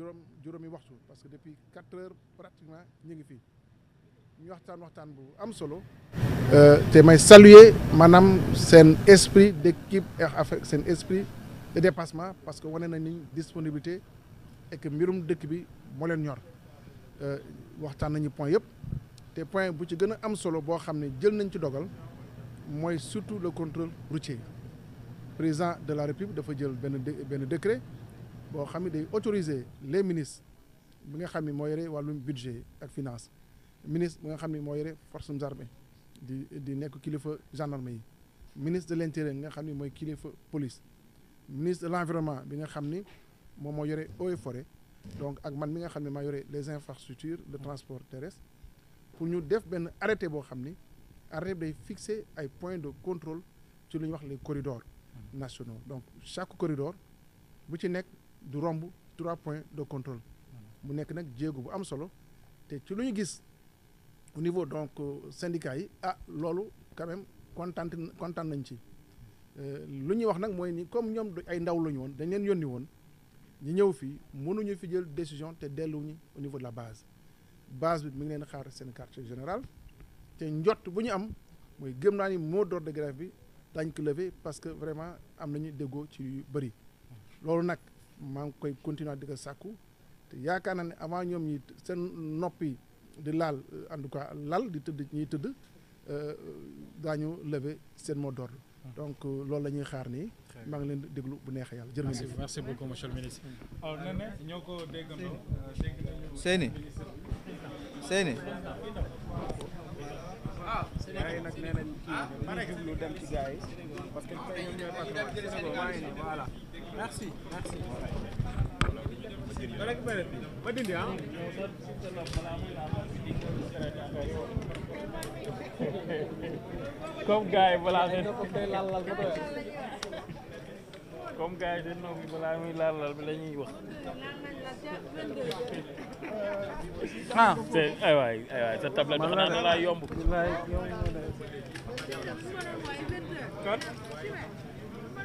juróom juróomi waxtu parce que depuis quatre heures pratiquement ñu ngi fii ñu waxtaan waxtaan bu am solo. Euh, te may saluer maanaam seen esprit d'équipe ak seen esprit de dépassement parce que wane nañ ni disponibilité et mbirum dëkk bi moo leen ñor euh, waxtaan nañu point yëpp te point bu ci gën a am solo boo xam ne jël nañ ci dogal mooy surtout le contrôle routier président de la république dafa jël benn benn décret. boo xam ne day autoriser les ministres bi nga xam ni moo yore wàllum budget ak finance ministre bi nga xam ni moo yore force armées di di nekk kilifa gendarme yi ministre de l'intérieur bi nga xam ne mooy kilifa police ministre de l'environnement bi nga xam ni moom moo yore eaux fore donc ak man mi nga xam ne maa yore les infrastructures de transport terrestre pour ñu def benn arrêté boo xam ni arrêté day fixer ay points de contrôle ci lu ñuy wax les corridors nationaux donc chaque corridor bu ci nekk du romb trois points de contrôle mu nekk nag jéego bu am solo te ci lu ñu gis au niveau donc euh, syndicat yi ah loolu quand même kontaan kontaan nañ ci euh, lu ñuy wax nag mooy ni comme ñoom ay ndaw la ñu woon dañ leen yónni woon ñu ñëw fii mënuñu fi jël décision te delluñu au niveau de la base base bi mi ngi leen xaar seen quartier général te njot bu ñu am mooy gëm naa ni mot d'ordre de grève bi dañ ko lever parce que vraiment am nañu déggoo ci yu bëri loolu nag maa ngi koy continuer di ko sàkku te yaakaar naa ne avant ñoom ñi seen noppi di laal en tout cas lal di tëdd ñuy tëdd euh, daañu lever seen mot d'ordre ah. donc euh, loolu la ñuy xaar nii. maa ngi leen déglu bu neexee yàlla jërëjëf. merci beaucoup monsieur le ministre. ñoo ko Merci, merci. Ah. Comme gars yi balaa ngeen comme gars yi seen balaa muy laal laal bi la ñuy wax. ah c'est ay waay ay waay sa table xanaa da laa yomb.